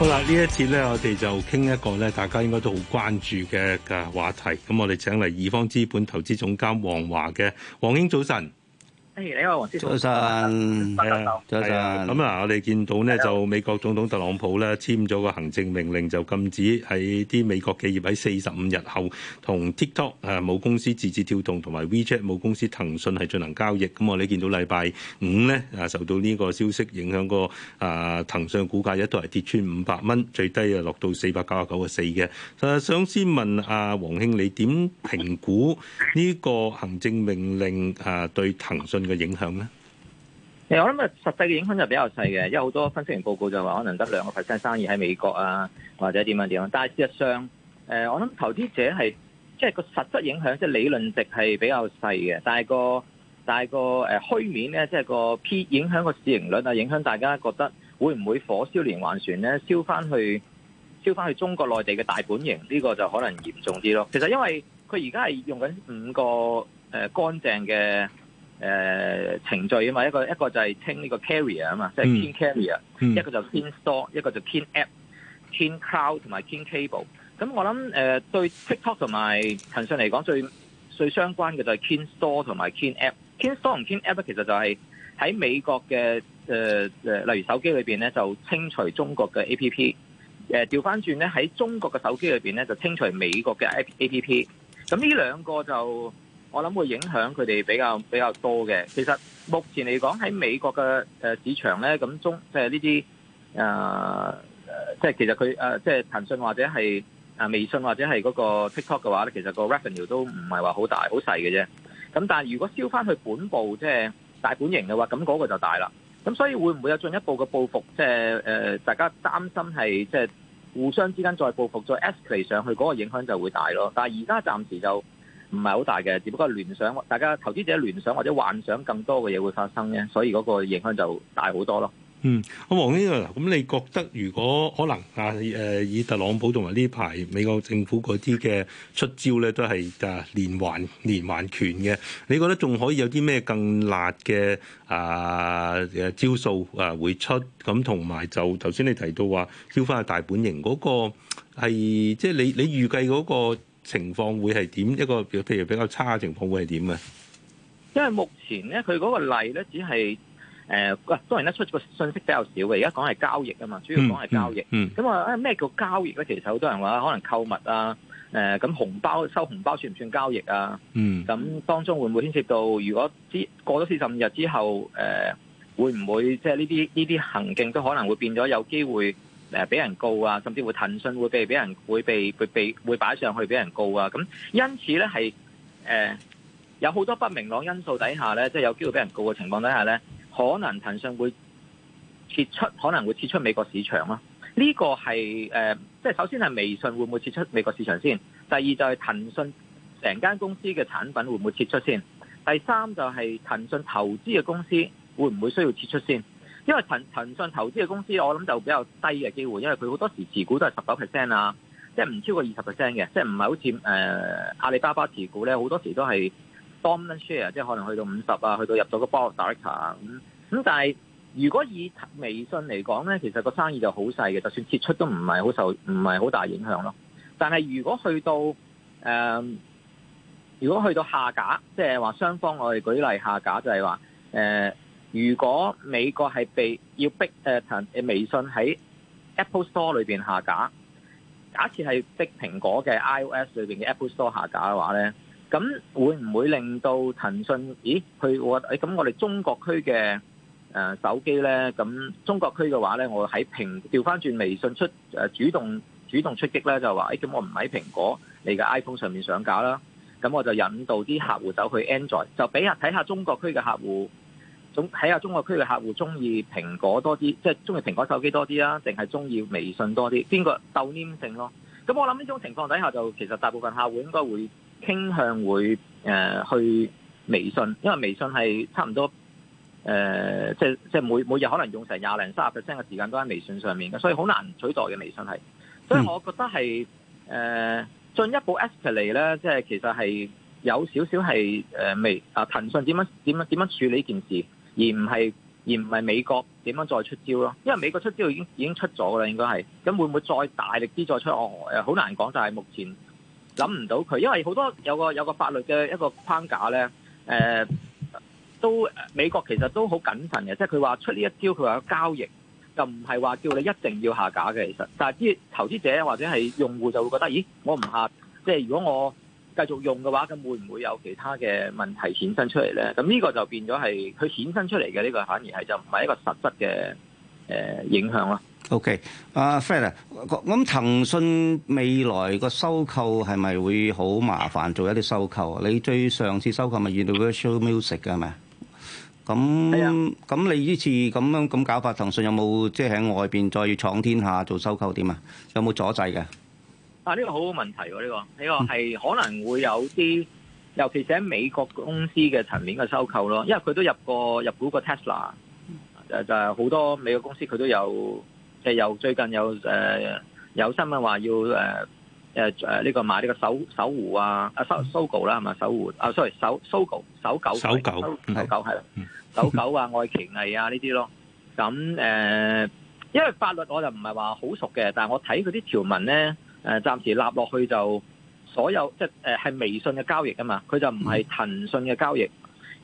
好啦，呢一次呢，我哋就傾一個大家應該都好關注嘅話題。咁我哋請嚟易方資本投資總監王華嘅王兄，早晨。你好早晨，嗯、早晨。咁啊、嗯晨嗯，我哋見到呢，就美國總統特朗普咧簽咗個行政命令，就禁止喺啲美國企業喺四十五日後同 TikTok 誒、啊、母公司字節跳動同埋 WeChat 母公司騰訊係進行交易。咁啊，你見到禮拜五呢，啊，受到呢個消息影響個啊騰訊股價一度係跌穿五百蚊，最低啊落到四百九十九個四嘅。想先問阿王兄，你點評估呢個行政命令啊對騰訊？嘅影響咧，誒，我諗啊，實際嘅影響就比較細嘅，因為好多分析員報告就話可能得兩個 percent 生意喺美國啊，或者點樣點樣。但係事實上，誒，我諗投資者係即係個實質影響，即係理論值係比較細嘅。但係個但係個誒、呃、虛面咧，即係個 P 影響個市盈率啊，影響大家覺得會唔會火燒連環船咧，燒翻去燒翻去中國內地嘅大本營呢、呢個就可能嚴重啲咯。其實因為佢而家係用緊五個誒、呃、乾淨嘅。誒、呃、程序啊嘛，一個一個就係清呢個 carrier 啊嘛，即係清 carrier，一個就清、嗯、清、嗯、store，一個就清 app、清 cloud 同埋清 cable。咁我諗誒、呃、對 TikTok 同埋騰訊嚟講，最最相關嘅就係清 store 同埋清 app。清 store 同清 app 其實就係喺美國嘅、呃、例如手機裏面咧就清除中國嘅 A P P，誒調翻轉咧，喺中國嘅手機裏面咧就清除美國嘅 A A P P。咁呢兩個就。我諗會影響佢哋比較比較多嘅。其實目前嚟講，喺美國嘅誒市場咧，咁中即係呢啲誒誒，即係其實佢誒，即係騰訊或者係啊微信或者係嗰個 TikTok、ok、嘅話咧，其實個 Revenue 都唔係話好大，好細嘅啫。咁但係如果燒翻去本部，即係大本營嘅話，咁嗰個就大啦。咁所以會唔會有進一步嘅報復？即係誒、呃，大家擔心係即係互相之間再報復，再 escalate 上去，嗰、嗰個影響就會大咯。但係而家暫時就，唔係好大嘅，只不過聯想大家投資者聯想或者幻想更多嘅嘢會發生咧，所以嗰個影響就大好多咯。嗯，王生，咁你覺得如果可能啊？誒，以特朗普同埋呢排美國政府嗰啲嘅出招咧，都係啊連環連環拳嘅。你覺得仲可以有啲咩更辣嘅啊招數啊會出？咁同埋就頭先你提到話跳翻去大本營嗰個係即係你你預計嗰個。情況會係點？一個譬如比較差嘅情況會係點嘅？因為目前咧，佢嗰個例咧，只係誒，當然咧出咗個信息比較少嘅。而家講係交易啊嘛，主要講係交易。咁啊，咩叫交易咧？其實好多人話，可能購物啊，誒、呃、咁紅包收紅包算唔算交易啊？咁、嗯、當中會唔會牽涉到？如果之過咗四十五日之後，誒、呃、會唔會即係呢啲呢啲行徑都可能會變咗有機會？誒，俾人告啊，甚至會騰訊會被俾人會被被被會擺上去俾人告啊，咁因此咧係誒有好多不明朗因素底下咧，即係有機會俾人告嘅情況底下咧，可能騰訊會撤出，可能會撤出美國市場啦。呢個係誒，即係首先係微信會唔會撤出美國市場先？第二就係騰訊成間公司嘅產品會唔會撤出先？第三就係騰訊投資嘅公司會唔會需要撤出先？因為騰騰訊投資嘅公司，我諗就比較低嘅機會，因為佢好多時持股都係十九 percent 啊，即係唔超過二十 percent 嘅，即係唔係好似誒阿里巴巴持股咧，好多時都係 dominant share，即係可能去到五十啊，去到入咗個 board director 咁、嗯、咁、嗯。但係如果以微信嚟講咧，其實個生意就好細嘅，就算撤出都唔係好受，唔係好大影響咯。但係如果去到誒、呃，如果去到下架，即係話雙方我哋舉例下架就是說，就係話誒。如果美國係被要逼誒微信喺 Apple Store 裏面下架，假設係逼蘋果嘅 iOS 裏面嘅 Apple Store 下架嘅話咧，咁會唔會令到騰訊？咦，佢我咁，我哋、嗯、中國區嘅、呃、手機咧，咁中國區嘅話咧，我喺平調翻轉微信出、呃、主動主動出擊咧，就話誒咁，我唔喺蘋果你嘅 iPhone 上面上架啦，咁我就引導啲客戶走去 Android，就俾下睇下中國區嘅客戶。總睇下中國區嘅客戶中意蘋果多啲，即係中意蘋果手機多啲啦，定係中意微信多啲？邊個鬥黏性咯？咁我諗呢種情況底下就，就其實大部分客戶應該會傾向會誒、呃、去微信，因為微信係差唔多誒，即係即係每每日可能用成廿零、三十 percent 嘅時間都喺微信上面嘅，所以好難取代嘅微信係。所以我覺得係誒、呃、進一步 escalate 嚟咧，即係其實係有少少係微啊騰訊點樣點樣點樣處理呢件事？而唔係而唔係美國點樣再出招咯？因為美國出招已經已經出咗噶啦，應該係咁。會唔會再大力啲再出？誒，好難講，但係目前諗唔到佢，因為好多有個有個法律嘅一個框架咧，誒、呃、都美國其實都好謹慎嘅，即係佢話出呢一招，佢話交易就唔係話叫你一定要下架嘅，其實但係啲投資者或者係用戶就會覺得，咦，我唔下，即係如果我。繼續用嘅話，咁會唔會有其他嘅問題衍生出嚟咧？咁呢個就變咗係佢衍生出嚟嘅呢個，反而係就唔係一個實質嘅誒影響咯。OK，阿 Fredder，咁騰訊未來個收購係咪會好麻煩做一啲收購？你最上次收購咪遇到 Universal Music 嘅係咪？咁咁你呢次咁樣咁搞法，騰訊有冇即係喺外邊再要闖天下做收購點啊？有冇阻滯嘅？啊！呢個好好問題喎，呢個呢個係可能會有啲，尤其是喺美國公司嘅層面嘅收購咯。因為佢都入過入股個 Tesla，就就係好多美國公司佢都有即係又最近有誒有新聞話要誒誒誒呢個買呢個搜搜狐啊啊，搜狗啦，係咪搜狐啊，sorry 搜狗搜狗搜狗係搜狗係搜狗啊，愛奇藝啊呢啲咯咁誒，因為法律我就唔係話好熟嘅，但係我睇佢啲條文咧。誒暫時立落去就所有即係誒係微信嘅交易啊嘛，佢就唔係騰訊嘅交易，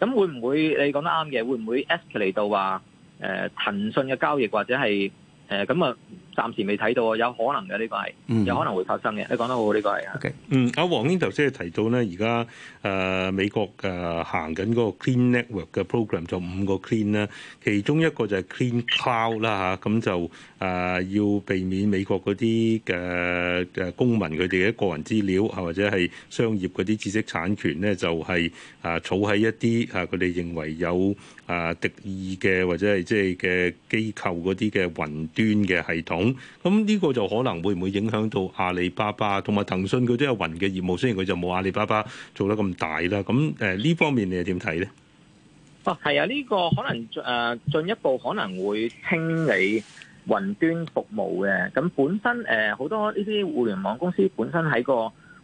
咁會唔會你講得啱嘅？會唔會 escalate 到話誒、呃、騰訊嘅交易或者係咁啊？呃暫時未睇到啊，有可能嘅呢、呢個係，有可能會發生嘅。嗯、你講得好，呢、呢個係啊。Okay. 嗯，阿王華頭先係提到咧，而家誒美國嘅、呃、行緊嗰個 Clean Network 嘅 program，就五個 clean 啦，其中一個就係 Clean Cloud 啦、啊、嚇，咁就誒、啊、要避免美國嗰啲嘅嘅公民佢哋嘅個人資料，啊、或者係商業嗰啲知識產權咧、啊，就係、是、啊儲喺一啲嚇佢哋認為有啊敵意嘅或者係即係嘅機構嗰啲嘅雲端嘅系統。咁咁呢個就可能會唔會影響到阿里巴巴同埋騰訊，佢都有雲嘅業務，雖然佢就冇阿里巴巴做得咁大啦。咁誒呢方面你又點睇咧？哦，係啊，呢個可能誒進一步可能會清理雲端服務嘅。咁本身誒好多呢啲互聯網公司本身喺個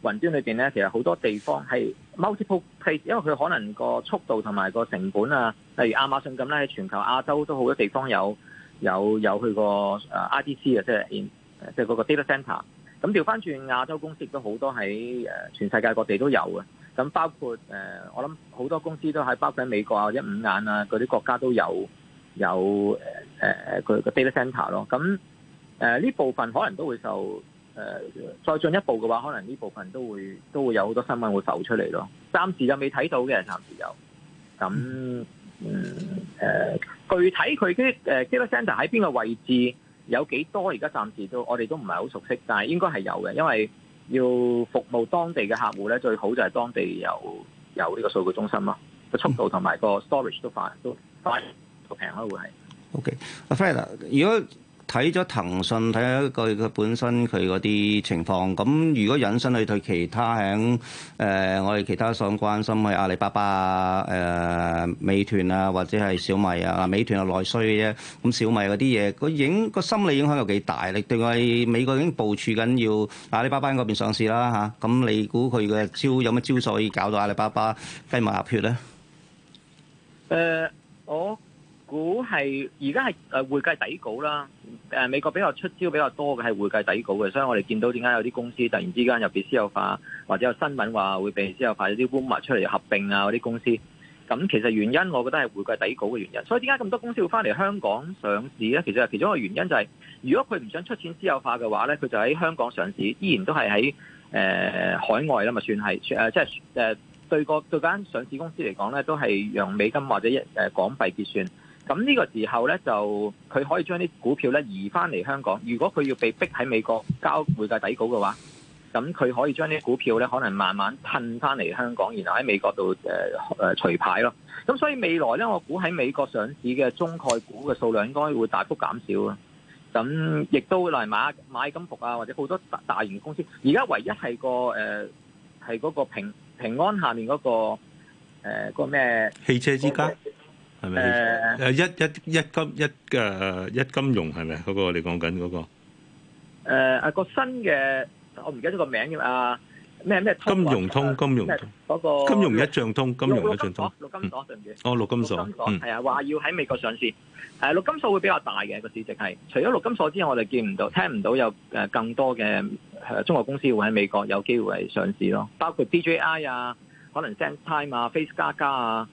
雲端裏邊咧，其實好多地方係 multiple 替，因為佢可能個速度同埋個成本啊，例如亞馬遜咁咧，喺全球亞洲都好多地方有。有有去個誒 IDC 啊，即係即係嗰個 data centre。咁調翻轉亞洲公司亦都好多喺全世界各地都有嘅。咁包括我諗好多公司都喺包括喺美國啊，或者五眼啊嗰啲國家都有有誒誒佢個 data centre 咯。咁誒呢部分可能都會受誒、呃、再進一步嘅話，可能呢部分都會都會有好多新聞會浮出嚟咯。暫時就未睇到嘅暫時有咁。嗯，誒、呃，具體佢啲誒資料 centre 喺邊個位置有，有幾多？而家暫時都我哋都唔係好熟悉，但係應該係有嘅，因為要服務當地嘅客戶咧，最好就係當地有有呢個數據中心咯。個速度同埋個 storage 都快、嗯，都快，都平咯會係。OK，阿 Freddy 如果睇咗騰訊，睇咗佢本身佢嗰啲情況，咁如果引申去對其他喺、呃、我哋其他想關心去阿里巴巴誒。呃美團啊，或者係小米啊，美團係內需嘅啫。咁小米嗰啲嘢，佢影個心理影響有幾大？你對外美國已經部署緊要阿里巴巴嗰邊上市啦嚇。咁你估佢嘅招有乜招數可以搞到阿里巴巴雞毛鴨血咧？誒，我估係而家係誒會計底稿啦。誒，美國比較出招比較多嘅係會計底稿嘅，所以我哋見到點解有啲公司突然之間入面私有化，或者有新聞話會被私有化，有啲 rumour 出嚟合併啊嗰啲公司。咁其實原因，我覺得係會計底稿嘅原因。所以點解咁多公司會翻嚟香港上市咧？其實其中一個原因就係，如果佢唔想出錢私有化嘅話咧，佢就喺香港上市，依然都係喺、呃、海外啦，咪算係誒即係誒對個對間上市公司嚟講咧，都係用美金或者一、呃、港幣結算。咁呢個時候咧，就佢可以將啲股票咧移翻嚟香港。如果佢要被逼喺美國交會計底稿嘅話，咁佢可以將啲股票咧，可能慢慢褪翻嚟香港，然後喺美國度誒誒除牌咯。咁所以未來咧，我估喺美國上市嘅中概股嘅數量應該會大幅減少。咁亦都會嚟買買金服啊，或者好多大型公司。而家唯一係個誒係嗰個平平安下面嗰、嗰個誒、呃、個咩汽車之家係咪？呃、是是汽車、呃、一一一金一、啊、一金融係咪？嗰、嗰個你講緊嗰個？誒、呃、個新嘅。我唔記得咗個名啊！咩咩通？金融通，金融通嗰、那個、金融一賬通，金融一賬通。哦，陸金所對唔對？哦，陸金所，嗯，係啊，話要喺美國上市。誒、啊，陸金所會比較大嘅個市值係。除咗陸金所之外，我哋見唔到，聽唔到有更多嘅、呃、中國公司會喺美國有機會係上市咯。包括 D J I 啊，可能 Sense Time 啊，Face 加加啊，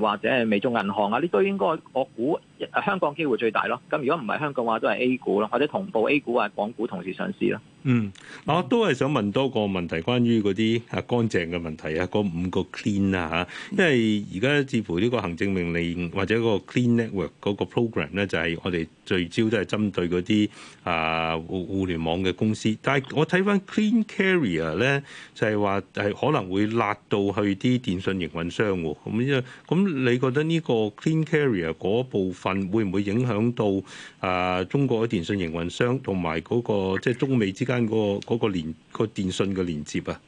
或者微眾銀行啊，呢都應該我估、啊、香港機會最大咯。咁、啊、如果唔係香港話，都係 A 股咯，或者同步 A 股啊，港股同時上市咯。嗯，我都係想問多個問題，關於啲啊，乾淨嘅問題啊，嗰五個 clean 啊嚇，因為而家似乎呢個行政命令或者嗰個 clean network 嗰個 program 咧，就係我哋聚焦都係針對啲啊互互聯網嘅公司。但係我睇翻 clean carrier 咧，就係話係可能會辣到去啲電信營運商喎。咁樣，咁，你覺得呢個 clean carrier 嗰部分會唔會影響到啊中國嘅電信營運商同埋，嗰個即係、就是、中美之？間、那個嗰、那個連、那個電信嘅連接啊，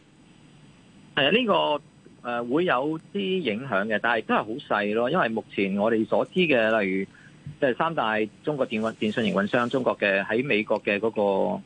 係啊，呢、這個誒、呃、會有啲影響嘅，但係都係好細咯。因為目前我哋所知嘅，例如即係、就是、三大中國電運電信營運商，中國嘅喺美國嘅嗰、那個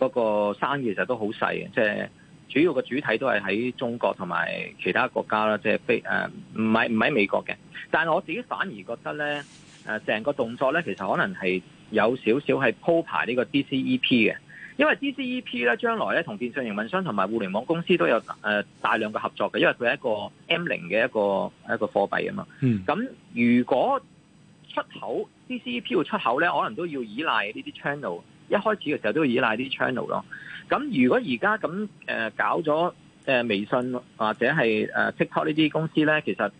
那個生意其實都好細嘅，即、就、係、是、主要嘅主體都係喺中國同埋其他國家啦，即係非誒唔係唔喺美國嘅。但係我自己反而覺得咧誒，成個動作咧其實可能係有少少係鋪排呢個 DCEP 嘅。因為 DCEP 咧，將來咧同電信營運商同埋互聯網公司都有、呃、大量嘅合作嘅，因為佢係一個 M 零嘅一個一個貨幣啊嘛。咁、嗯、如果出口 DCEP 要出口咧，可能都要依賴呢啲 channel。一開始嘅時候都要依賴呢啲 channel 咯。咁如果而家咁搞咗、呃、微信或者係、呃、TikTok 呢啲公司咧，其實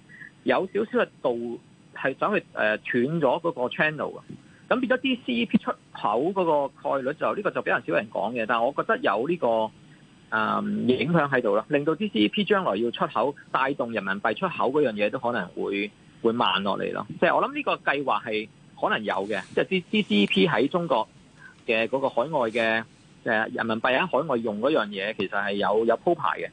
有少少嘅度係想去誒、呃、斷咗嗰個 channel 啊。咁變咗 DCEP 出口嗰個概率就呢、這個就比較少人講嘅，但係我覺得有呢、這個誒、嗯、影響喺度啦令到 DCEP 將來要出口帶動人民幣出口嗰樣嘢都可能會會慢落嚟咯。即、就、係、是、我諗呢個計劃係可能有嘅，即、就、係、是、DCEP 喺中國嘅嗰個海外嘅、就是、人民幣喺海外用嗰樣嘢，其實係有有鋪排嘅，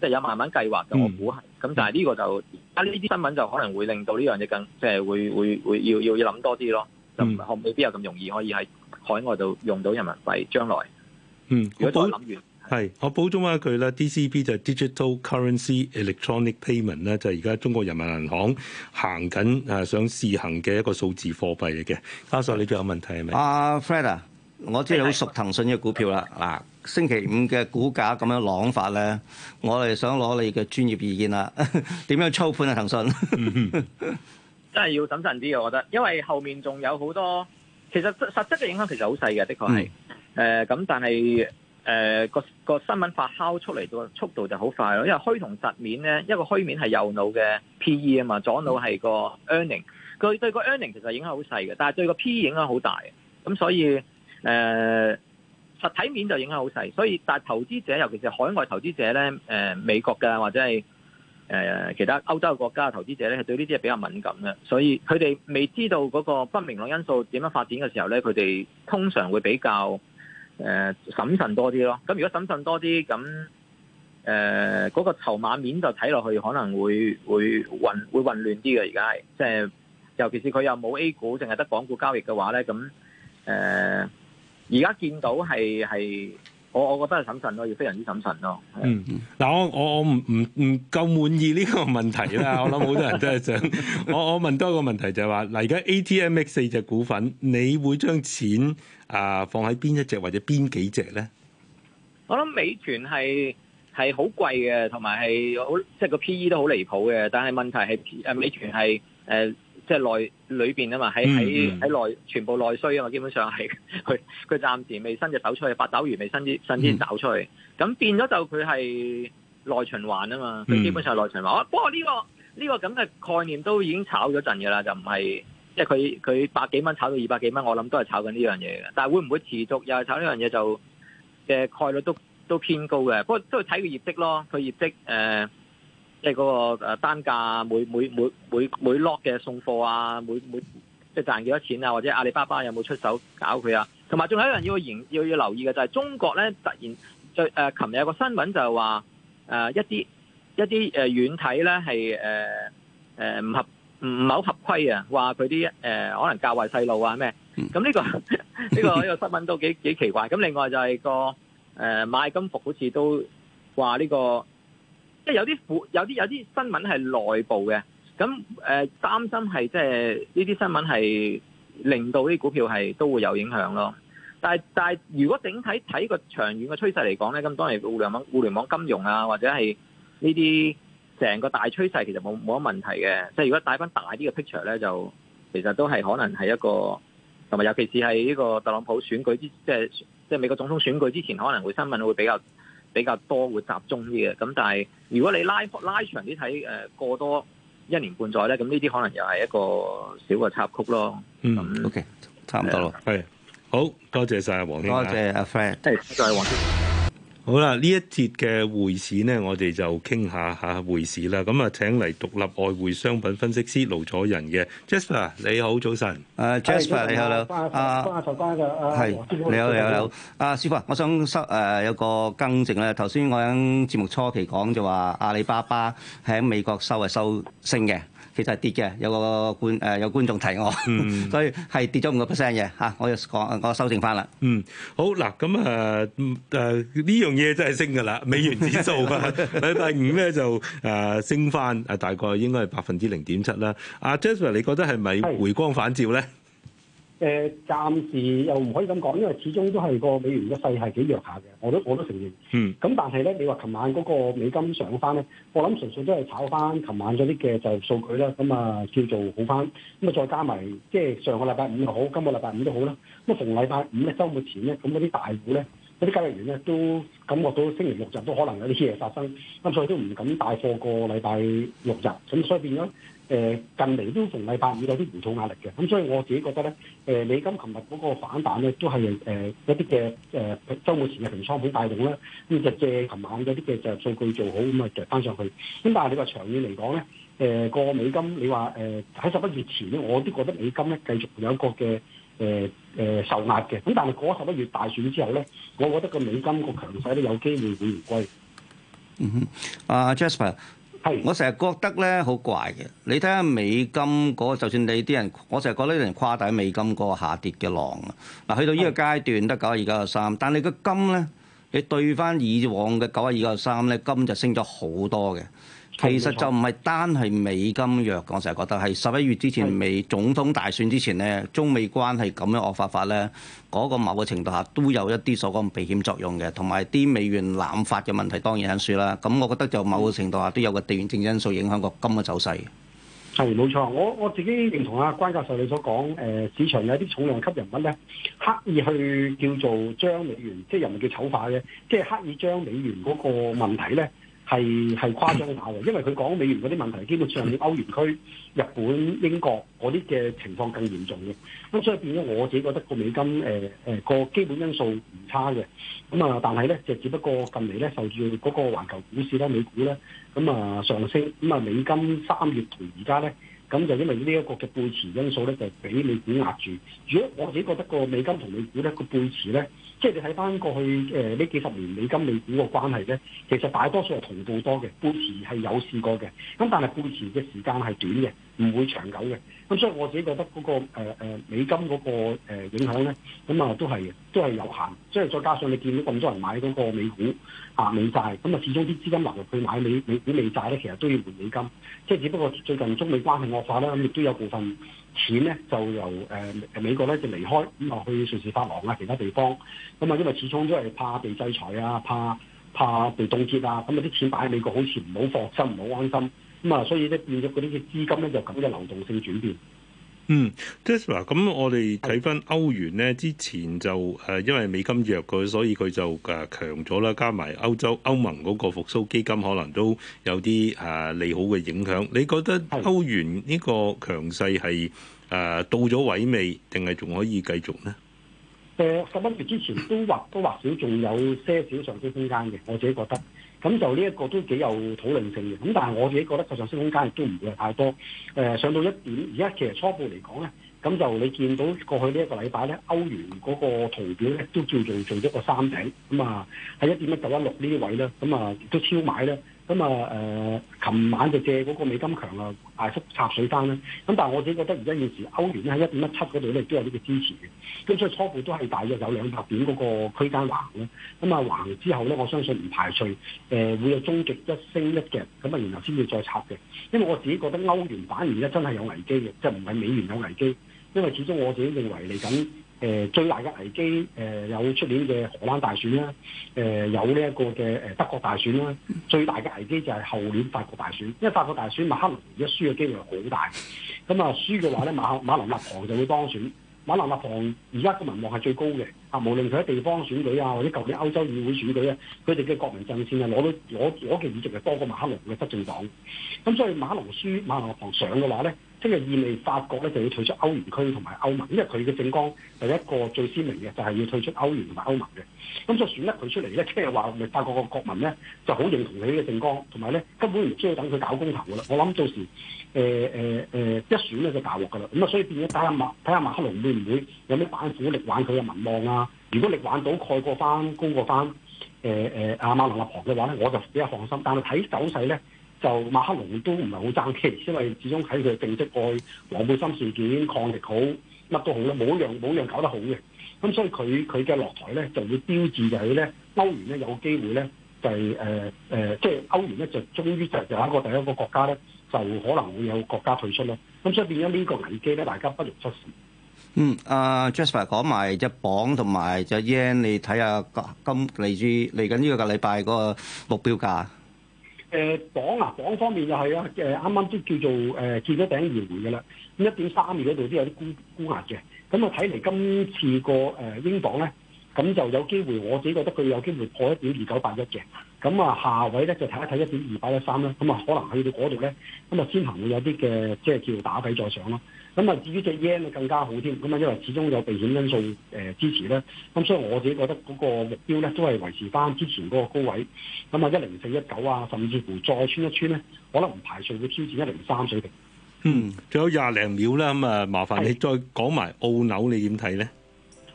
即、就、係、是、有慢慢計劃嘅我估係。咁、嗯、但係呢個就啊呢啲新聞就可能會令到呢樣嘢更即係會會會,會要要諗多啲咯。就未必有咁容易可以喺海外度用到人民幣，將來。嗯，如果真諗完，係我補保充一句啦，DCP 就係 Digital Currency Electronic Payment 咧，就係而家中國人民銀行行緊啊，想試行嘅一個數字貨幣嚟嘅。嘉秀，你仲有問題係咪？阿、uh, Fred 啊，我知道你好熟騰訊嘅股票啦。嗱，Yes. 星期五嘅股價咁樣朗法咧，我哋想攞你嘅專業意見啦，點 樣操盤啊騰訊？騰訊 mm hmm. 真係要謹慎啲，我覺得，因為後面仲有好多，其實實質嘅影響其實好細嘅，的確係。誒、mm. 呃，咁但係，誒、呃、個個新聞發酵出嚟個速度就好快咯，因為虛同實面咧，一個虛面係右腦嘅 PE 啊嘛，左腦係個 earning，佢對、e、對個 earning 其實影響好細嘅，但係對個 PE 影響好大嘅。咁所以，誒、呃、實體面就影響好細，所以但係投資者，尤其是海外投資者咧，誒、呃、美國嘅或者係。誒其他歐洲嘅國家嘅投資者咧，係對呢啲係比較敏感嘅，所以佢哋未知道嗰個不明朗因素點樣發展嘅時候咧，佢哋通常會比較誒審慎多啲咯。咁如果審慎多啲，咁誒嗰個籌碼面就睇落去可能會會混會混亂啲嘅。而家係即係，尤其是佢又冇 A 股，淨係得港股交易嘅話咧，咁誒而家見到係係。我我覺得係審慎咯，要非常之審慎咯。嗯，嗱，我我我唔唔唔夠滿意呢個問題啦。 我諗好多人都係想，我我問多一個問題就係、是、話，嗱，而家 A T M X 四隻股份，你會將錢啊、呃、放喺邊一隻或者邊幾隻咧？我諗美團係係好貴嘅，同埋係好即係個 P E 都好離譜嘅。但係問題係誒美團係誒。呃即係內裏邊啊嘛，喺喺喺內全部內需啊嘛，基本上係佢佢暫時未伸隻手出去，八爪魚未伸支伸支爪出去。咁變咗就佢係內循環啊嘛，佢基本上係內循環。不過呢個呢個咁嘅概念都已經炒咗陣嘅啦，就唔係即係佢佢百幾蚊炒到二百幾蚊，我諗都係炒緊呢樣嘢嘅。但係會唔會持續又係炒呢樣嘢？就嘅概率都都偏高嘅。不過都係睇佢業績咯，佢業績誒。呃即係嗰個誒單價，每每每每每 lock 嘅送貨啊，每每即係賺幾多錢啊？或者阿里巴巴有冇出手搞佢啊？同埋仲有一樣要要留意嘅就係中國咧突然最誒，琴、呃、日有個新聞就係話、呃、一啲一啲誒軟體咧係誒唔合唔唔係好合規啊，話佢啲誒可能教壞細路啊咩？咁呢、這個呢、 這個呢、這個新聞都幾幾奇怪。咁另外就係個誒買、呃、金服好似都話呢、這個。即係有啲有啲有啲新聞係內部嘅，咁誒、呃、擔心係即係呢啲新聞係令到啲股票係都會有影響咯。但係但係，如果整體睇個長遠嘅趨勢嚟講咧，咁當然互聯網、互聯網金融啊，或者係呢啲成個大趨勢其沒有沒有、就是大，其實冇冇乜問題嘅。即係如果帶翻大啲嘅 picture 咧，就其實都係可能係一個同埋，尤其是係呢個特朗普選舉之，即係即係美國總統選舉之前，可能會新聞會比較。比較多會集中啲嘅，咁但係如果你拉拉長啲睇，誒、呃、過多一年半載咧，咁呢啲可能又係一個小嘅插曲咯。嗯那，OK，差唔多咯，係、呃，好，多謝晒王先生，多謝阿 Fred，多謝在王。啊友好啦，呢一節嘅匯市咧，我哋就傾下下匯市啦。咁啊，請嚟獨立外匯商品分析師盧楚仁嘅 Jasper，你好早晨。誒，Jasper 你好啦。啊，花秀啊，係，你好你好你好。啊，師傅，我想收誒、uh, 有個更正咧。頭先我喺節目初期講就話阿里巴巴喺美國收啊收升嘅。其實係跌嘅，有個觀誒有觀眾提我，嗯、 所以係跌咗五個 percent 嘅嚇，我就講我修正翻啦。嗯，好嗱，咁誒誒呢樣嘢真係升嘅啦，美元指數，啊， 禮拜五咧就誒升翻誒大概應該係百分之零點七啦。阿 Jasper，你覺得係咪回光返照咧？是 誒、呃、暫時又唔可以咁講，因為始終都係個美元嘅勢係幾弱下嘅，我都我都承認。嗯。咁但係咧，你話琴晚嗰個美金上翻咧，我諗純粹都係炒翻琴晚咗啲嘅就數據啦。咁啊叫做好翻。咁啊再加埋，即係上個禮拜五就好，今個禮拜五都好啦。咁啊逢禮拜五咧週末前咧，咁嗰啲大戶咧，嗰啲交易員咧都感覺到星期六日都可能有啲嘢發生，咁所以都唔敢大貨過禮拜六日。咁所以變咗。誒近嚟都逢禮拜五有啲唔同壓力嘅，咁所以我自己覺得咧，誒美金琴日嗰個反彈咧，都係誒、呃、一啲嘅誒週末前嘅平倉品帶動啦，咁就借琴晚嗰啲嘅就數據做好，咁啊着翻上去。咁但係你話長遠嚟講咧，誒、呃、個美金你話誒喺十一月前咧，我都覺得美金咧繼續有一個嘅誒誒受壓嘅。咁但係過十一月大選之後咧，我覺得個美金個強勢都有機會會唔歸。嗯哼、mm，阿、hmm. uh, Jasper。我成日覺得咧好怪嘅，你睇下美金嗰個，就算你啲人，我成日覺得啲人誇大美金嗰個下跌嘅浪啊，嗱，去到呢個階段得九啊二九啊三，但你個金咧，你對翻以往嘅九啊二九啊三咧，金就升咗好多嘅。其實就唔係單係美金弱，我成日覺得係十一月之前美是的 總統大選之前呢，中美關係咁樣的惡化法咧，嗰、那個某個程度下都有一啲所講避險作用嘅，同埋啲美元濫發嘅問題當然喺度啦。咁我覺得就某個程度下都有個地緣政因素影響個金嘅走勢。係冇錯，我我自己認同阿關教授你所講，誒、呃、市場有啲重量級人物咧，刻意去叫做將美元，即係人唔叫醜化嘅，即係刻意將美元嗰個問題咧。係係誇張下喎，因為佢講美元嗰啲問題，基本上係歐元區、日本、英國嗰啲嘅情況更嚴重嘅，咁所以變咗我自己覺得個美金誒誒個基本因素唔差嘅，咁啊但係咧就只不過近嚟咧受住嗰個環球股市啦、美股咧，咁啊上升，咁、嗯、啊美金三月同而家咧。咁就因為呢一個嘅背馳因素咧，就係俾美股壓住。如果我自己覺得個美金同美股咧個背馳咧，即係你睇返過去呢呃幾十年美金、美股個關係咧，其實大多數係同步多嘅，背馳係有試過嘅。咁但係背馳嘅時間係短嘅，唔會長久嘅。咁所以我自己覺得嗰、那個誒、呃、美金嗰個影響咧，咁、嗯、啊都係都係有限，即、就、係、是、再加上你見到咁多人買嗰個美股啊美債，咁、嗯、啊始終啲資金流入去買美美股美債咧，其實都要換美金，即係只不過最近中美關係惡化啦，咁、嗯、亦都有部分錢咧就由誒誒、呃、美國咧就離開，咁、嗯、啊去瑞士法郎啊其他地方，咁、嗯、啊因為始終都係怕被制裁啊，怕怕被凍結啊，咁啊啲錢擺喺美國好似唔好放心唔好安心。咁啊，所以咧變咗嗰啲嘅資金咧就咁嘅流動性轉變嗯。嗯，Tesla 咁我哋睇返歐元咧，之前就誒因為美金弱佢所以佢就誒強咗啦。加埋歐洲歐盟嗰個復甦基金，可能都有啲誒、啊、利好嘅影響。你覺得歐元呢個強勢係誒、啊、到咗位未，定係仲可以繼續呢？誒、呃、十一月之前都或多或少，仲有些少上升空間嘅。我自己覺得。咁就呢一個都幾有討論性嘅，咁但係我自己覺得就上升空間亦都唔會太多。誒、呃，上到一點，而家其實初步嚟講咧，咁就你見到過去呢一個禮拜咧，歐元嗰個圖表咧都叫做做咗個三頂，咁啊喺一點一九一六呢位咧，咁啊亦都超買咧。咁啊誒，琴、嗯呃、晚就借嗰個美金強啊，大幅插水單啦、啊。咁但係我自己覺得而家現時歐元咧喺一點一七嗰度咧，都有呢個支持嘅。咁所以初步都係大約有兩百點嗰個區間橫咁啊、嗯、橫之後咧，我相信唔排除誒、呃、會有終極一升一嘅。咁啊，然後先至再插嘅。因為我自己覺得歐元反而真係有危機嘅，即係唔係美元有危機。因為始終我自己認為嚟緊。誒、呃、最大嘅危機，誒、呃、有出年嘅荷蘭大選啦，誒、呃、有呢一個嘅誒德國大選啦，最大嘅危機就係後年法國大選，因為法國大選馬克龍而家輸嘅機會係好大，咁啊輸嘅話咧，馬馬林納旁就會當選，馬林納旁而家嘅民望係最高嘅。啊，無論佢喺地方選舉啊，或者舊年歐洲議會選舉咧，啊，佢哋嘅國民陣線啊攞到攞攞嘅議席係多過馬克龍嘅執政黨。咁所以馬克龍輸馬克龍上嘅話咧，即係意味法國咧就要退出歐元區同埋歐盟，因為佢嘅政綱第一個最鮮明嘅就係、是、要退出歐元同埋歐盟嘅。咁所以選得佢出嚟咧，即係話咪法國嘅國民咧就好認同你嘅政綱，同埋咧根本唔需要等佢搞公投噶啦。我諗到時誒誒誒一選咧就大鑊噶啦。咁啊，所以變咗睇下馬睇下馬克龍會唔會有咩板斧力挽佢嘅民望啊？如果你玩到蓋過翻、高過翻，誒誒阿馬林立旁嘅話咧，我就比較放心。但係睇走勢咧，就馬克龍都唔係好爭氣，因為始終喺佢政績過去，黃背心事件抗疫好，乜都好啦，冇一樣冇一樣搞得好嘅。咁所以佢佢嘅落台咧，就會標誌就係咧歐元咧有機會咧就係即係歐元咧就終於就就一個第一個國家咧，就可能會有國家退出咯。咁所以變咗呢個危機咧，大家不容忽視。嗯，阿 Jasper 講埋隻磅同埋隻 yen，你睇下今嚟住嚟緊呢個個禮拜個目標價。誒、呃，磅啊，磅方面又係啊，誒、呃，啱啱都叫做誒、呃、見咗頂，搖回噶啦，一點三二嗰度都有啲沽沽壓嘅。咁啊，睇、嗯、嚟今次個誒、呃、英鎊咧，咁就有機會，我自己覺得佢有機會破一點二九八一嘅。咁、嗯、啊、嗯，下位咧就睇一睇一點二八一三啦。咁、嗯、啊，可能去到嗰度咧，咁、嗯、啊，先行會有啲嘅，即係叫打底再上咯。咁啊，至於隻 y 更加好添，咁啊，因為始終有避險因素誒支持啦。咁所以我自己覺得嗰個目標咧都係維持翻之前嗰個高位。咁啊，一零四一九啊，甚至乎再穿一穿咧，可能唔排除會挑前一零三水平。嗯，仲有廿零秒啦，咁啊，麻煩你再講埋澳紐你怎麼看呢，你點睇咧？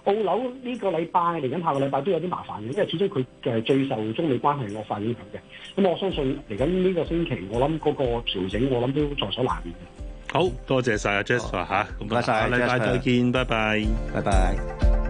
澳紐呢個禮拜嚟緊，下個禮拜都有啲麻煩嘅，因為始終佢誒最受中美關係惡化影響嘅。咁我相信嚟緊呢個星期，我諗嗰個調整，我諗都在所難免嘅。嗯、好多謝晒、哦、啊，Jasper 嚇，咁下禮拜再見，謝謝，拜拜，拜拜。拜拜拜拜。